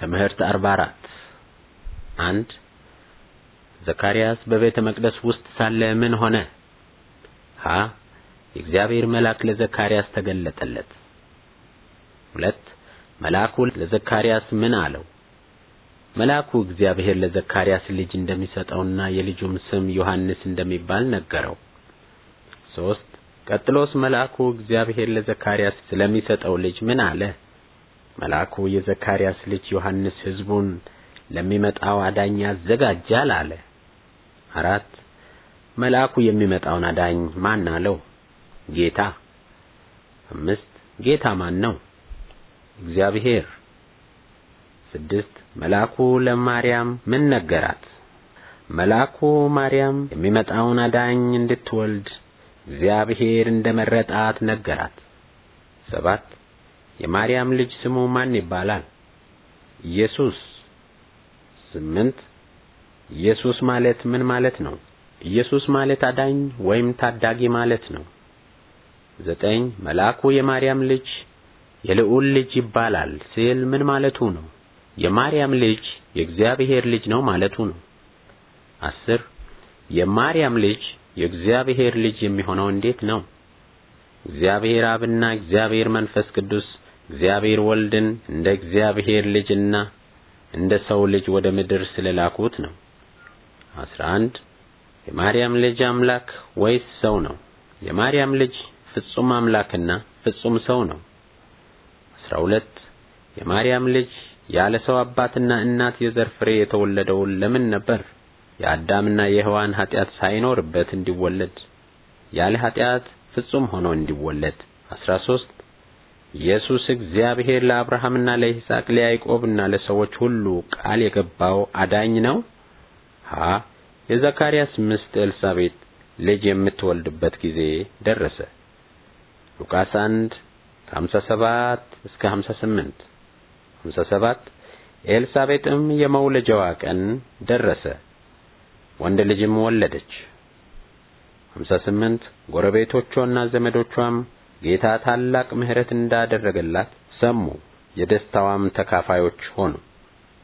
ትምህርት 44 1 ዘካርያስ በቤተ መቅደስ ውስጥ ሳለ ምን ሆነ? ሀ የእግዚአብሔር መልአክ ለዘካርያስ ተገለጠለት። ሁለት መልአኩ ለዘካርያስ ምን አለው? መልአኩ እግዚአብሔር ለዘካርያስ ልጅ እንደሚሰጠውና የልጁም ስም ዮሐንስ እንደሚባል ነገረው። ሶስት ቀጥሎስ መልአኩ እግዚአብሔር ለዘካርያስ ስለሚሰጠው ልጅ ምን አለ? መልአኩ የዘካርያስ ልጅ ዮሐንስ ሕዝቡን ለሚመጣው አዳኝ ያዘጋጃል አለ። አራት መልአኩ የሚመጣውን አዳኝ ማን አለው? ጌታ። አምስት ጌታ ማን ነው? እግዚአብሔር። ስድስት መልአኩ ለማርያም ምን ነገራት? መልአኩ ማርያም የሚመጣውን አዳኝ እንድትወልድ እግዚአብሔር እንደመረጣት ነገራት። ሰባት የማርያም ልጅ ስሙ ማን ይባላል? ኢየሱስ። ስምንት ኢየሱስ ማለት ምን ማለት ነው? ኢየሱስ ማለት አዳኝ ወይም ታዳጊ ማለት ነው። ዘጠኝ መልአኩ የማርያም ልጅ የልዑል ልጅ ይባላል ሲል ምን ማለቱ ነው? የማርያም ልጅ የእግዚአብሔር ልጅ ነው ማለቱ ነው። አስር የማርያም ልጅ የእግዚአብሔር ልጅ የሚሆነው እንዴት ነው? እግዚአብሔር አብና እግዚአብሔር መንፈስ ቅዱስ እግዚአብሔር ወልድን እንደ እግዚአብሔር ልጅና እንደ ሰው ልጅ ወደ ምድር ስለላኩት ነው። 11 የማርያም ልጅ አምላክ ወይስ ሰው ነው? የማርያም ልጅ ፍጹም አምላክና ፍጹም ሰው ነው። 12 የማርያም ልጅ ያለ ሰው አባትና እናት የዘር ፍሬ የተወለደውን ለምን ነበር? የአዳምና የሔዋን ኃጢአት ሳይኖርበት እንዲወለድ ያለ ኃጢአት ፍጹም ሆኖ እንዲወለድ። 13 ኢየሱስ እግዚአብሔር ለአብርሃምና ለይስሐቅ ለያዕቆብና ለሰዎች ሁሉ ቃል የገባው አዳኝ ነው? ሀ የዘካርያስ ምስት ኤልሳቤጥ ልጅ የምትወልድበት ጊዜ ደረሰ። ሉቃስ 1 57 እስከ 58 57 ኤልሳቤጥም የመውለጃዋ ቀን ደረሰ፣ ወንድ ልጅም ወለደች። 58 ጎረቤቶቿና ዘመዶቿም ጌታ ታላቅ ምሕረት እንዳደረገላት ሰሙ፣ የደስታዋም ተካፋዮች ሆኑ።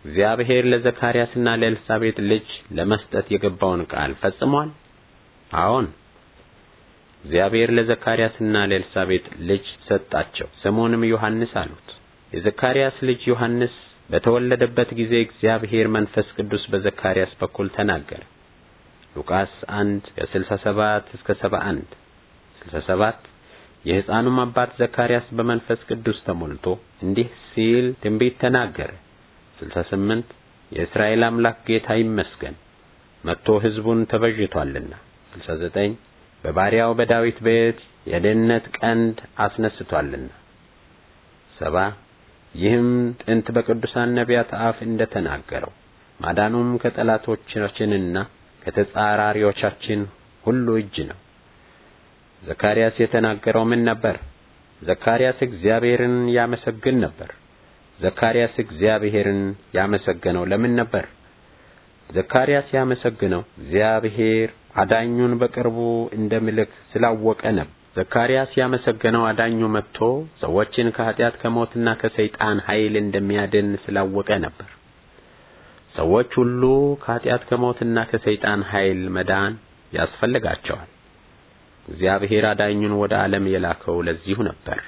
እግዚአብሔር ለዘካርያስና ለኤልሳቤጥ ልጅ ለመስጠት የገባውን ቃል ፈጽሟል። አዎን፣ እግዚአብሔር ለዘካርያስና ለኤልሳቤጥ ልጅ ሰጣቸው። ስሙንም ዮሐንስ አሉት። የዘካርያስ ልጅ ዮሐንስ በተወለደበት ጊዜ እግዚአብሔር መንፈስ ቅዱስ በዘካርያስ በኩል ተናገረ። ሉቃስ 1 ከ67 እስከ 71 67 የሕፃኑም አባት ዘካርያስ በመንፈስ ቅዱስ ተሞልቶ እንዲህ ሲል ትንቢት ተናገረ። ስልሳ ስምንት የእስራኤል አምላክ ጌታ ይመስገን መጥቶ ሕዝቡን ተቤዥቷልና። ስልሳ ዘጠኝ በባሪያው በዳዊት ቤት የደህንነት ቀንድ አስነስቷልና። ሰባ ይህም ጥንት በቅዱሳን ነቢያት አፍ እንደ ተናገረው ማዳኑም ከጠላቶቻችንና ከተጻራሪዎቻችን ሁሉ እጅ ነው። ዘካርያስ የተናገረው ምን ነበር? ዘካርያስ እግዚአብሔርን ያመሰግን ነበር። ዘካርያስ እግዚአብሔርን ያመሰገነው ለምን ነበር? ዘካርያስ ያመሰግነው እግዚአብሔር አዳኙን በቅርቡ እንደሚልክ ስላወቀ ነበር። ዘካርያስ ያመሰገነው አዳኙ መጥቶ ሰዎችን ከኃጢአት ከሞትና ከሰይጣን ኃይል እንደሚያድን ስላወቀ ነበር። ሰዎች ሁሉ ከኃጢአት ከሞትና ከሰይጣን ኃይል መዳን ያስፈልጋቸዋል። እግዚአብሔር አዳኙን ወደ ዓለም የላከው ለዚሁ ነበር።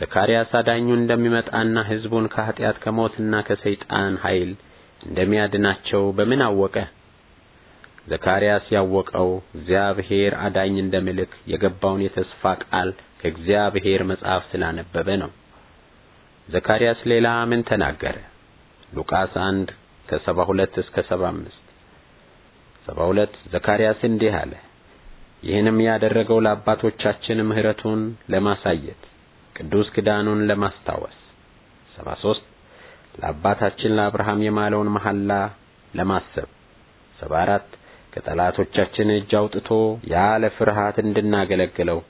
ዘካርያስ አዳኙ እንደሚመጣና ሕዝቡን ከኃጢአት ከሞትና ከሰይጣን ኃይል እንደሚያድናቸው በምን አወቀ? ዘካርያስ ያወቀው እግዚአብሔር አዳኝ እንደሚልክ የገባውን የተስፋ ቃል ከእግዚአብሔር መጽሐፍ ስላነበበ ነው። ዘካርያስ ሌላ ምን ተናገረ? ሉቃስ 1 ከ72 እስከ 75 72 ዘካርያስ እንዲህ አለ ይህንም ያደረገው ለአባቶቻችን ምሕረቱን ለማሳየት ቅዱስ ኪዳኑን ለማስታወስ 73 ለአባታችን ለአብርሃም የማለውን መሐላ ለማሰብ 74 ከጠላቶቻችን እጅ አውጥቶ ያለ ፍርሃት እንድናገለግለው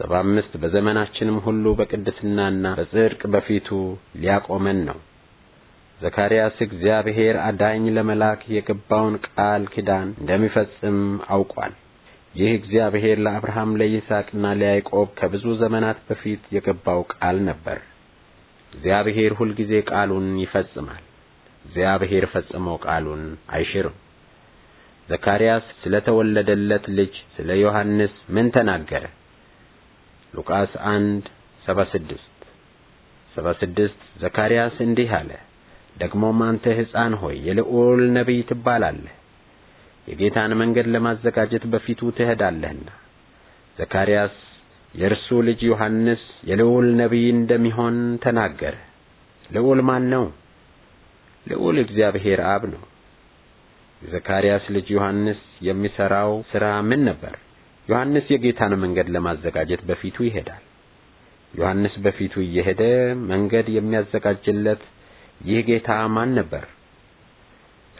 75 በዘመናችንም ሁሉ በቅድስናና በጽድቅ በፊቱ ሊያቆመን ነው። ዘካርያስ እግዚአብሔር አዳኝ ለመላክ የገባውን ቃል ኪዳን እንደሚፈጽም አውቋል። ይህ እግዚአብሔር ለአብርሃም ለይስሐቅና ለያዕቆብ ከብዙ ዘመናት በፊት የገባው ቃል ነበር። እግዚአብሔር ሁልጊዜ ቃሉን ይፈጽማል። እግዚአብሔር ፈጽሞ ቃሉን አይሽርም። ዘካርያስ ስለ ተወለደለት ልጅ ስለ ዮሐንስ ምን ተናገረ? ሉቃስ 1 76 ስድስት ዘካርያስ እንዲህ አለ፣ ደግሞም አንተ ሕፃን ሆይ የልዑል ነቢይ ትባላለህ የጌታን መንገድ ለማዘጋጀት በፊቱ ትሄዳለህና። ዘካርያስ የእርሱ ልጅ ዮሐንስ የልዑል ነቢይ እንደሚሆን ተናገረ። ልዑል ማን ነው? ልዑል እግዚአብሔር አብ ነው። የዘካርያስ ልጅ ዮሐንስ የሚሠራው ሥራ ምን ነበር? ዮሐንስ የጌታን መንገድ ለማዘጋጀት በፊቱ ይሄዳል። ዮሐንስ በፊቱ እየሄደ መንገድ የሚያዘጋጅለት ይህ ጌታ ማን ነበር?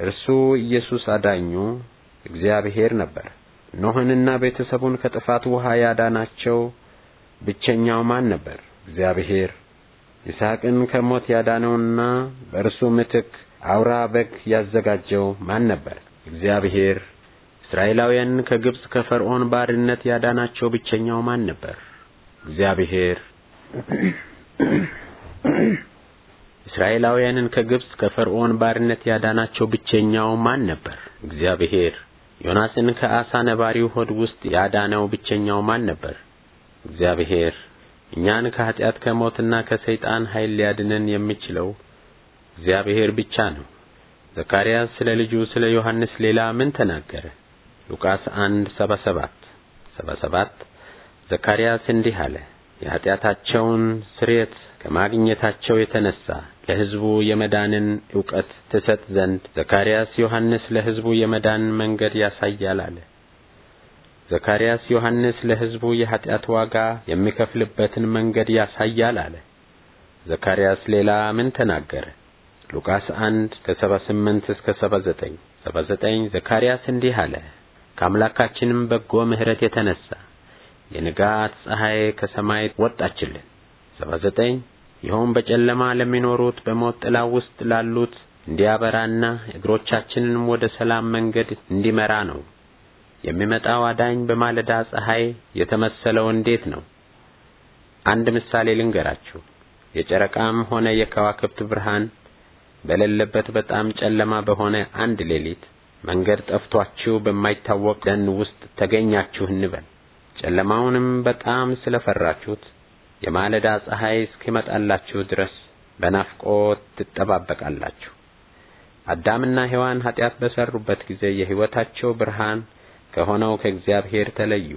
እርሱ ኢየሱስ አዳኙ እግዚአብሔር ነበር። ኖህንና ቤተሰቡን ከጥፋት ውሃ ያዳናቸው ብቸኛው ማን ነበር? እግዚአብሔር። ይስሐቅን ከሞት ያዳነውና በእርሱ ምትክ አውራ በግ ያዘጋጀው ማን ነበር? እግዚአብሔር። እስራኤላውያን ከግብፅ ከፈርዖን ባርነት ያዳናቸው ብቸኛው ማን ነበር? እግዚአብሔር። እስራኤላውያንን ከግብፅ ከፈርዖን ባርነት ያዳናቸው ብቸኛው ማን ነበር? እግዚአብሔር። ዮናስን ከአሳ ነባሪው ሆድ ውስጥ ያዳነው ብቸኛው ማን ነበር? እግዚአብሔር። እኛን ከኃጢአት ከሞትና ከሰይጣን ኃይል ሊያድነን የሚችለው እግዚአብሔር ብቻ ነው። ዘካርያስ ስለ ልጁ ስለ ዮሐንስ ሌላ ምን ተናገረ? ሉቃስ አንድ ሰባ ሰባት ዘካርያስ እንዲህ አለ የኃጢአታቸውን ስርየት ከማግኘታቸው የተነሳ ለሕዝቡ የመዳንን እውቀት ትሰጥ ዘንድ ዘካርያስ ዮሐንስ ለሕዝቡ የመዳን መንገድ ያሳያል አለ። ዘካርያስ ዮሐንስ ለሕዝቡ የኀጢአት ዋጋ የሚከፍልበትን መንገድ ያሳያል አለ። ዘካርያስ ሌላ ምን ተናገረ? ሉቃስ 1 ከ78 እስከ 79 79 ዘካርያስ እንዲህ አለ። ከአምላካችንም በጎ ምሕረት የተነሳ የንጋት ፀሐይ ከሰማይ ወጣችልን 79 ይኸውም በጨለማ ለሚኖሩት በሞት ጥላ ውስጥ ላሉት እንዲያበራና እግሮቻችንንም ወደ ሰላም መንገድ እንዲመራ ነው። የሚመጣው አዳኝ በማለዳ ፀሐይ የተመሰለው እንዴት ነው? አንድ ምሳሌ ልንገራችሁ። የጨረቃም ሆነ የከዋክብት ብርሃን በሌለበት በጣም ጨለማ በሆነ አንድ ሌሊት መንገድ ጠፍቷችሁ በማይታወቅ ደን ውስጥ ተገኛችሁ እንበል። ጨለማውንም በጣም ስለፈራችሁት የማለዳ ፀሐይ እስኪመጣላችሁ ድረስ በናፍቆት ትጠባበቃላችሁ። አዳምና ሔዋን ኃጢአት በሰሩበት ጊዜ የሕይወታቸው ብርሃን ከሆነው ከእግዚአብሔር ተለዩ።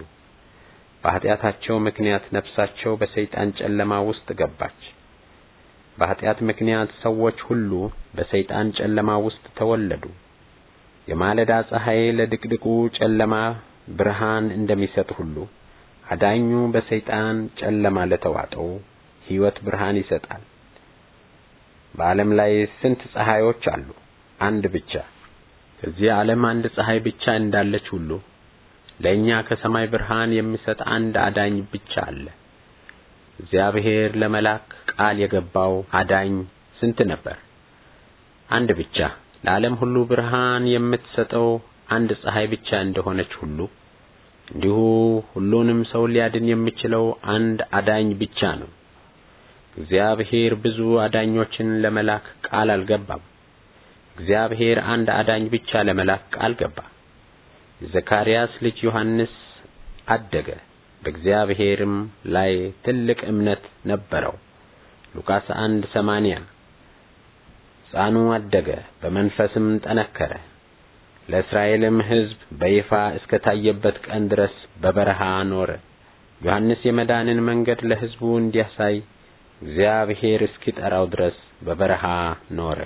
በኃጢአታቸው ምክንያት ነፍሳቸው በሰይጣን ጨለማ ውስጥ ገባች። በኃጢአት ምክንያት ሰዎች ሁሉ በሰይጣን ጨለማ ውስጥ ተወለዱ። የማለዳ ፀሐይ ለድቅድቁ ጨለማ ብርሃን እንደሚሰጥ ሁሉ አዳኙ በሰይጣን ጨለማ ለተዋጠው ሕይወት ብርሃን ይሰጣል። በዓለም ላይ ስንት ፀሐዮች አሉ? አንድ ብቻ። ከዚህ ዓለም አንድ ፀሐይ ብቻ እንዳለች ሁሉ ለእኛ ከሰማይ ብርሃን የሚሰጥ አንድ አዳኝ ብቻ አለ። እግዚአብሔር ለመላክ ቃል የገባው አዳኝ ስንት ነበር? አንድ ብቻ። ለዓለም ሁሉ ብርሃን የምትሰጠው አንድ ፀሐይ ብቻ እንደሆነች ሁሉ እንዲሁ ሁሉንም ሰው ሊያድን የሚችለው አንድ አዳኝ ብቻ ነው። እግዚአብሔር ብዙ አዳኞችን ለመላክ ቃል አልገባም። እግዚአብሔር አንድ አዳኝ ብቻ ለመላክ ቃል ገባ። የዘካርያስ ልጅ ዮሐንስ አደገ፣ በእግዚአብሔርም ላይ ትልቅ እምነት ነበረው። ሉቃስ አንድ ሰማንያ ሕፃኑ አደገ፣ በመንፈስም ጠነከረ ለእስራኤልም ሕዝብ በይፋ እስከ ታየበት ቀን ድረስ በበረሃ ኖረ። ዮሐንስ የመዳንን መንገድ ለሕዝቡ እንዲያሳይ እግዚአብሔር እስኪጠራው ድረስ በበረሃ ኖረ።